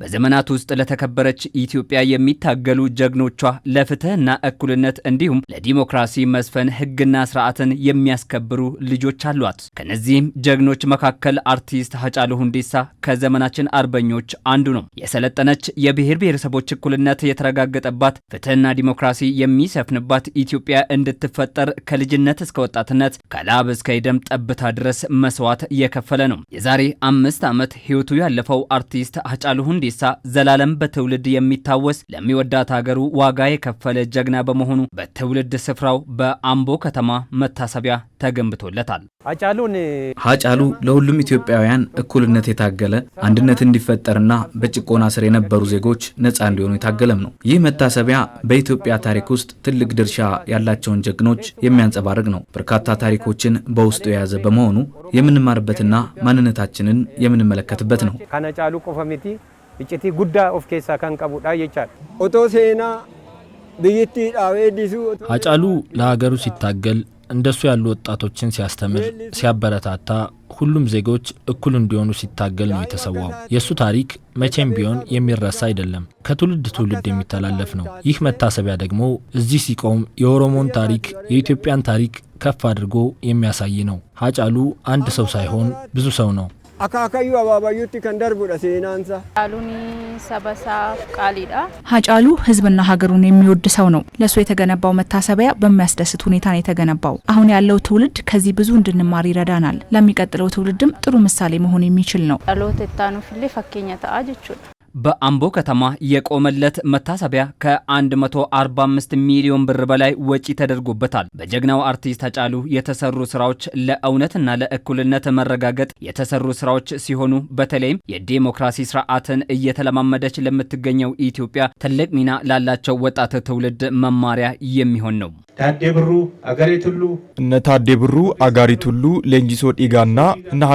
በዘመናት ውስጥ ለተከበረች ኢትዮጵያ የሚታገሉ ጀግኖቿ ለፍትህና እኩልነት እንዲሁም ለዲሞክራሲ መስፈን ህግና ስርዓትን የሚያስከብሩ ልጆች አሏት። ከነዚህም ጀግኖች መካከል አርቲስት ሃጫሉ ሁንዴሳ ከዘመናችን አርበኞች አንዱ ነው። የሰለጠነች የብሔር ብሔረሰቦች እኩልነት የተረጋገጠባት ፍትህና ዲሞክራሲ የሚሰፍንባት ኢትዮጵያ እንድትፈጠር ከልጅነት እስከ ወጣትነት ከላብ እስከ ደም ጠብታ ድረስ መስዋዕት የከፈለ ነው። የዛሬ አምስት ዓመት ህይወቱ ያለፈው አርቲስት ሃጫሉ ሁንዴሳ ፈይሳ ዘላለም በትውልድ የሚታወስ ለሚወዳት ሀገሩ ዋጋ የከፈለ ጀግና በመሆኑ በትውልድ ስፍራው በአምቦ ከተማ መታሰቢያ ተገንብቶለታል። ሀጫሉ ለሁሉም ኢትዮጵያውያን እኩልነት የታገለ አንድነት እንዲፈጠርና በጭቆና ስር የነበሩ ዜጎች ነጻ እንዲሆኑ የታገለም ነው። ይህ መታሰቢያ በኢትዮጵያ ታሪክ ውስጥ ትልቅ ድርሻ ያላቸውን ጀግኖች የሚያንጸባርቅ ነው። በርካታ ታሪኮችን በውስጡ የያዘ በመሆኑ የምንማርበትና ማንነታችንን የምንመለከትበት ነው። iccitii guddaa of keessaa kan qabudha jechaadha. Otoo seenaa biyyittii dhaawee disuu Haacaaluu ለሀገሩ ሲታገል እንደሱ ያሉ ወጣቶችን ሲያስተምር፣ ሲያበረታታ ሁሉም ዜጎች እኩል እንዲሆኑ ሲታገል ነው የተሰዋው። የእሱ ታሪክ መቼም ቢሆን የሚረሳ አይደለም፣ ከትውልድ ትውልድ የሚተላለፍ ነው። ይህ መታሰቢያ ደግሞ እዚህ ሲቆም የኦሮሞን ታሪክ የኢትዮጵያን ታሪክ ከፍ አድርጎ የሚያሳይ ነው። ሀጫሉ አንድ ሰው ሳይሆን ብዙ ሰው ነው። akaakayyuu abaabayyuutti kan darbudha seenaansa ሀጫሉን ሰበሳፍ ቃሊዳ ሀጫሉ ህዝብና ሀገሩን የሚወድ ሰው ነው። ለእሱ የተገነባው መታሰቢያ በሚያስደስት ሁኔታ ነው የተገነባው። አሁን ያለው ትውልድ ከዚህ ብዙ እንድንማር ይረዳናል። ለሚቀጥለው ትውልድም ጥሩ ምሳሌ መሆን የሚችል ነው። ጸሎት ታኑፍሌ ፈኬኛ ተአ በአምቦ ከተማ የቆመለት መታሰቢያ ከ145 ሚሊዮን ብር በላይ ወጪ ተደርጎበታል። በጀግናው አርቲስት አጫሉ የተሰሩ ስራዎች ለእውነትና ለእኩልነት መረጋገጥ የተሰሩ ስራዎች ሲሆኑ በተለይም የዴሞክራሲ ስርዓትን እየተለማመደች ለምትገኘው ኢትዮጵያ ትልቅ ሚና ላላቸው ወጣት ትውልድ መማሪያ የሚሆን ነው። ታዴ ብሩ አጋሪት ሁሉ እነ ታዴ ብሩ አጋሪ ሌንጂሶ ዲጋና እነ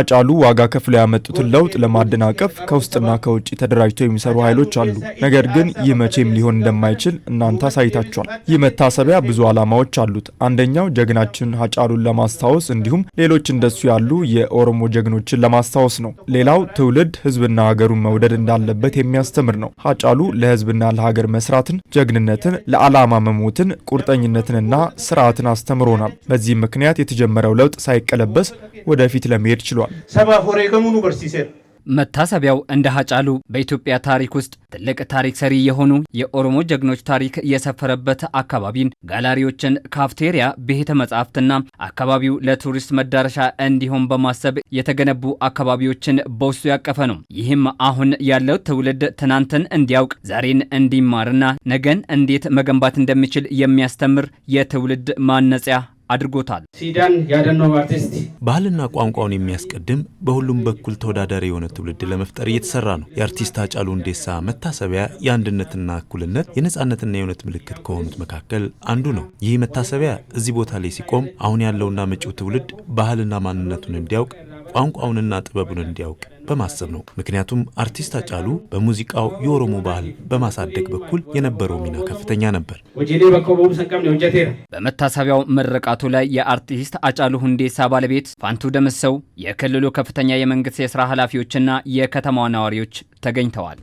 ዋጋ ከፍለው ያመጡትን ለውጥ ለማደናቀፍ ከውስጥና ከውጭ ተደራጅተው የሚሰሩ ኃይሎች አሉ። ነገር ግን ይህ መቼም ሊሆን እንደማይችል እናንተ አሳይታችኋል። ይህ መታሰቢያ ብዙ ዓላማዎች አሉት። አንደኛው ጀግናችን ሀጫሉን ለማስታወስ እንዲሁም ሌሎች እንደሱ ያሉ የኦሮሞ ጀግኖችን ለማስታወስ ነው። ሌላው ትውልድ ህዝብና ሀገሩን መውደድ እንዳለበት የሚያስተምር ነው። ሀጫሉ ለህዝብና ለሀገር መስራትን፣ ጀግንነትን፣ ለዓላማ መሞትን፣ ቁርጠኝነትንና ስርዓትን አስተምሮናል። በዚህም ምክንያት የተጀመረው ለውጥ ሳይቀለበስ ወደፊት ለመሄድ ችሏል። መታሰቢያው እንደ ሀጫሉ በኢትዮጵያ ታሪክ ውስጥ ትልቅ ታሪክ ሰሪ የሆኑ የኦሮሞ ጀግኖች ታሪክ የሰፈረበት አካባቢን፣ ጋላሪዎችን፣ ካፍቴሪያ፣ ቤተ መጻሕፍትና አካባቢው ለቱሪስት መዳረሻ እንዲሆን በማሰብ የተገነቡ አካባቢዎችን በውስጡ ያቀፈ ነው። ይህም አሁን ያለው ትውልድ ትናንትን እንዲያውቅ፣ ዛሬን እንዲማርና ነገን እንዴት መገንባት እንደሚችል የሚያስተምር የትውልድ ማነጽያ አድርጎታል። ሲዳን ያደነው አርቲስት ባህልና ቋንቋውን የሚያስቀድም በሁሉም በኩል ተወዳዳሪ የሆነ ትውልድ ለመፍጠር እየተሰራ ነው። የአርቲስት አጫሉ ሁንዴሳ መታሰቢያ የአንድነትና እኩልነት የነፃነትና የእውነት ምልክት ከሆኑት መካከል አንዱ ነው። ይህ መታሰቢያ እዚህ ቦታ ላይ ሲቆም አሁን ያለውና መጪው ትውልድ ባህልና ማንነቱን እንዲያውቅ ቋንቋውንና ጥበቡን እንዲያውቅ በማሰብ ነው። ምክንያቱም አርቲስት አጫሉ በሙዚቃው የኦሮሞ ባህል በማሳደግ በኩል የነበረው ሚና ከፍተኛ ነበር። በመታሰቢያው ምርቃቱ ላይ የአርቲስት አጫሉ ሁንዴሳ ባለቤት ፋንቱ ደምሰው፣ የክልሉ ከፍተኛ የመንግስት የስራ ኃላፊዎችና የከተማዋ ነዋሪዎች ተገኝተዋል።